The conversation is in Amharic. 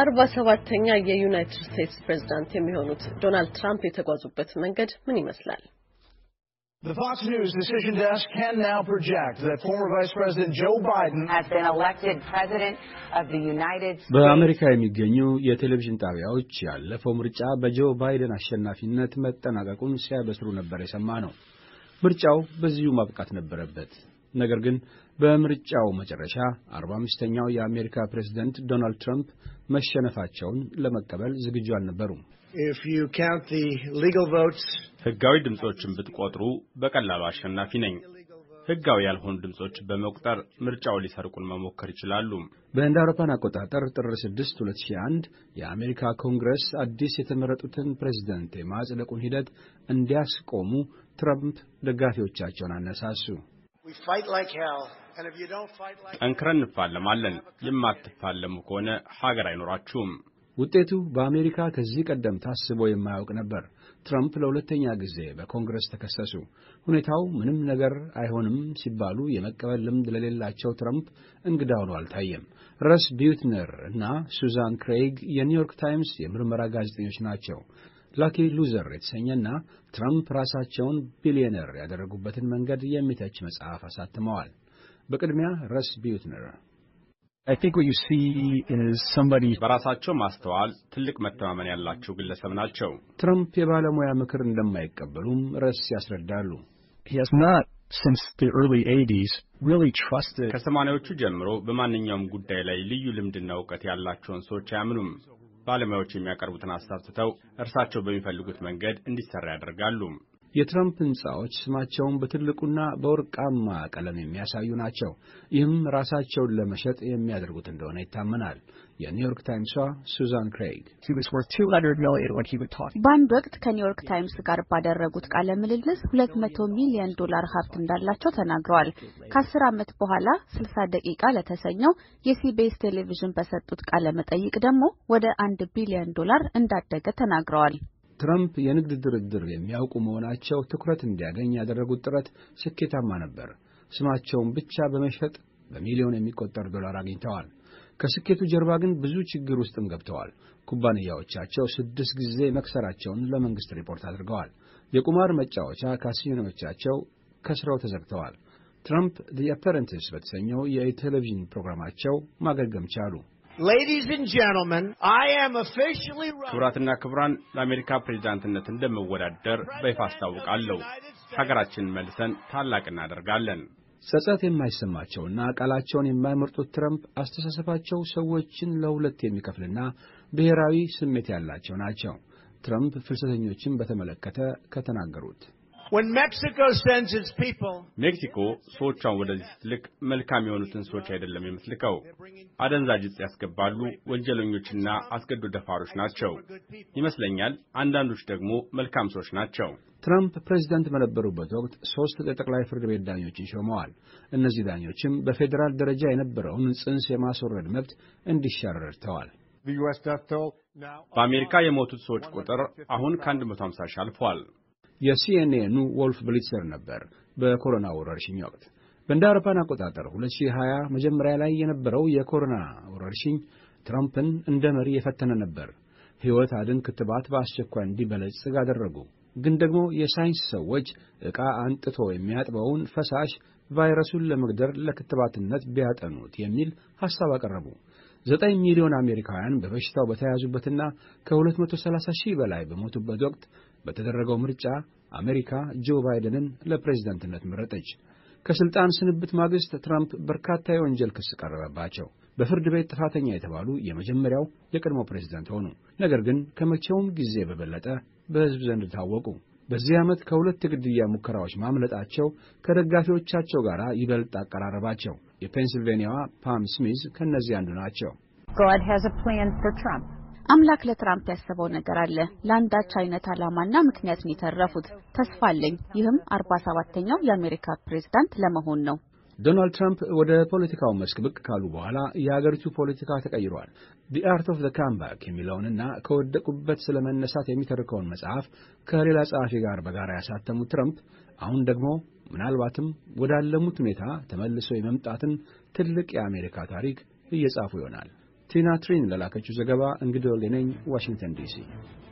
አርባ ሰባተኛ የዩናይትድ ስቴትስ ፕሬዝዳንት የሚሆኑት ዶናልድ ትራምፕ የተጓዙበት መንገድ ምን ይመስላል? The Fox News decision desk can now project that former Vice President Joe Biden has been elected president of the United States. በአሜሪካ የሚገኙ የቴሌቪዥን ጣቢያዎች ያለፈው ምርጫ በጆ ባይደን አሸናፊነት መጠናቀቁን ሲያበስሩ ነበር የሰማ ነው። ምርጫው በዚሁ ማብቃት ነበረበት። ነገር ግን በምርጫው መጨረሻ 45ኛው የአሜሪካ ፕሬዝደንት ዶናልድ ትራምፕ መሸነፋቸውን ለመቀበል ዝግጁ አልነበሩም። ሕጋዊ ድምፆችን ብትቆጥሩ በቀላሉ አሸናፊ ነኝ። ሕጋዊ ያልሆኑ ድምፆች በመቁጠር ምርጫው ሊሰርቁን መሞከር ይችላሉ። በእንደ አውሮፓን አቆጣጠር ጥር 6 2001 የአሜሪካ ኮንግረስ አዲስ የተመረጡትን ፕሬዝደንት የማጽደቁን ሂደት እንዲያስቆሙ ትራምፕ ደጋፊዎቻቸውን አነሳሱ። ጠንክረን እንፋለማለን። የማትፋለሙ ከሆነ ሀገር አይኖራችሁም። ውጤቱ በአሜሪካ ከዚህ ቀደም ታስቦ የማያውቅ ነበር። ትራምፕ ለሁለተኛ ጊዜ በኮንግረስ ተከሰሱ። ሁኔታው ምንም ነገር አይሆንም ሲባሉ የመቀበል ልምድ ለሌላቸው ትራምፕ እንግዳ ሆኖ አልታየም። ረስ ቢዩትነር እና ሱዛን ክሬይግ የኒውዮርክ ታይምስ የምርመራ ጋዜጠኞች ናቸው። ላኪ ሉዘር የተሰኘና ትራምፕ ራሳቸውን ቢሊዮነር ያደረጉበትን መንገድ የሚተች መጽሐፍ አሳትመዋል። በቅድሚያ ረስ ቢዩትነር በራሳቸው ማስተዋል ትልቅ መተማመን ያላቸው ግለሰብ ናቸው። ትራምፕ የባለሙያ ምክር እንደማይቀበሉም ረስ ያስረዳሉ። ከሰማንያዎቹ ጀምሮ በማንኛውም ጉዳይ ላይ ልዩ ልምድና እውቀት ያላቸውን ሰዎች አያምኑም። ባለሙያዎች የሚያቀርቡትን ሐሳብ ትተው እርሳቸው በሚፈልጉት መንገድ እንዲሰራ ያደርጋሉ። የትራምፕ ሕንፃዎች ስማቸውን በትልቁና በወርቃማ ቀለም የሚያሳዩ ናቸው። ይህም ራሳቸውን ለመሸጥ የሚያደርጉት እንደሆነ ይታመናል። የኒውዮርክ ታይምሷ ሱዛን ክሬግ በአንድ ወቅት ከኒውዮርክ ታይምስ ጋር ባደረጉት ቃለ ምልልስ ሁለት መቶ ሚሊዮን ዶላር ሀብት እንዳላቸው ተናግረዋል። ከአስር ዓመት በኋላ ስልሳ ደቂቃ ለተሰኘው የሲቤስ ቴሌቪዥን በሰጡት ቃለ መጠይቅ ደግሞ ወደ አንድ ቢሊዮን ዶላር እንዳደገ ተናግረዋል። ትራምፕ የንግድ ድርድር የሚያውቁ መሆናቸው ትኩረት እንዲያገኝ ያደረጉት ጥረት ስኬታማ ነበር። ስማቸውን ብቻ በመሸጥ በሚሊዮን የሚቆጠር ዶላር አግኝተዋል። ከስኬቱ ጀርባ ግን ብዙ ችግር ውስጥም ገብተዋል። ኩባንያዎቻቸው ስድስት ጊዜ መክሰራቸውን ለመንግሥት ሪፖርት አድርገዋል። የቁማር መጫወቻ ካሲኖዎቻቸው ከስረው ተዘግተዋል። ትራምፕ ዲ አፐረንቲስ በተሰኘው የቴሌቪዥን ፕሮግራማቸው ማገገም ቻሉ። ክቡራትና ክቡራን ለአሜሪካ ፕሬዚዳንትነት እንደምወዳደር በይፋ አስታውቃለሁ። ሀገራችን መልሰን ታላቅ እናደርጋለን። ጸጸት የማይሰማቸውና ቃላቸውን የማይመርጡት ትረምፕ አስተሳሰባቸው ሰዎችን ለሁለት የሚከፍልና ብሔራዊ ስሜት ያላቸው ናቸው። ትረምፕ ፍልሰተኞችን በተመለከተ ከተናገሩት ሜክሲኮ ሰዎቿን ወደዚህ ስትልክ መልካም የሆኑትን ሰዎች አይደለም የምትልከው። አደንዛዥ ዕፅ ያስገባሉ፣ ወንጀለኞችና አስገዶ ደፋሮች ናቸው ይመስለኛል። አንዳንዶች ደግሞ መልካም ሰዎች ናቸው። ትራምፕ ፕሬዚዳንት በነበሩበት ወቅት ሶስት የጠቅላይ ፍርድ ቤት ዳኞችን ሾመዋል። እነዚህ ዳኞችም በፌዴራል ደረጃ የነበረውን ጽንስ የማስወረድ መብት እንዲሻር ረድተዋል። በአሜሪካ የሞቱት ሰዎች ቁጥር አሁን ከ150 ሺህ አልፏል። የሲኤንኤኑ ወልፍ ብሊትሰር ነበር በኮሮና ወረርሽኝ ወቅት። በእንደ አውሮፓን አቆጣጠር 2020 መጀመሪያ ላይ የነበረው የኮሮና ወረርሽኝ ትራምፕን እንደ መሪ የፈተነ ነበር። ሕይወት አድን ክትባት በአስቸኳይ እንዲበለጽግ አደረጉ። ግን ደግሞ የሳይንስ ሰዎች ዕቃ አንጥቶ የሚያጥበውን ፈሳሽ ቫይረሱን ለመግደር ለክትባትነት ቢያጠኑት የሚል ሐሳብ አቀረቡ። ዘጠኝ ሚሊዮን አሜሪካውያን በበሽታው በተያዙበትና ከ230 ሺህ በላይ በሞቱበት ወቅት በተደረገው ምርጫ አሜሪካ ጆ ባይደንን ለፕሬዝደንትነት መረጠች። ከሥልጣን ስንብት ማግስት ትራምፕ በርካታ የወንጀል ክስ ቀረበባቸው። በፍርድ ቤት ጥፋተኛ የተባሉ የመጀመሪያው የቀድሞ ፕሬዝደንት ሆኑ። ነገር ግን ከመቼውም ጊዜ በበለጠ በሕዝብ ዘንድ ታወቁ። በዚህ ዓመት ከሁለት የግድያ ሙከራዎች ማምለጣቸው ከደጋፊዎቻቸው ጋር ይበልጥ አቀራረባቸው። የፔንስልቬንያዋ ፓም ስሚዝ ከእነዚህ አንዱ ናቸው። God has a plan for Trump. አምላክ ለትራምፕ ያሰበው ነገር አለ። ለአንዳች አይነት ዓላማና ምክንያት ነው የተረፉት። ተስፋ አለኝ። ይህም አርባ ሰባተኛው የአሜሪካ ፕሬዝዳንት ለመሆን ነው። ዶናልድ ትራምፕ ወደ ፖለቲካው መስክ ብቅ ካሉ በኋላ የሀገሪቱ ፖለቲካ ተቀይሯል። ዲ አርት ኦፍ ዘ ካምባክ የሚለውንና ከወደቁበት ስለ መነሳት የሚተርከውን መጽሐፍ ከሌላ ጸሐፊ ጋር በጋራ ያሳተሙት ትራምፕ አሁን ደግሞ ምናልባትም ወዳለሙት ሁኔታ ተመልሶ የመምጣትን ትልቅ የአሜሪካ ታሪክ እየጻፉ ይሆናል። ቲና ትሪን ለላከችው ዘገባ እንግዶ ወልዴ ዋሽንግተን ዲሲ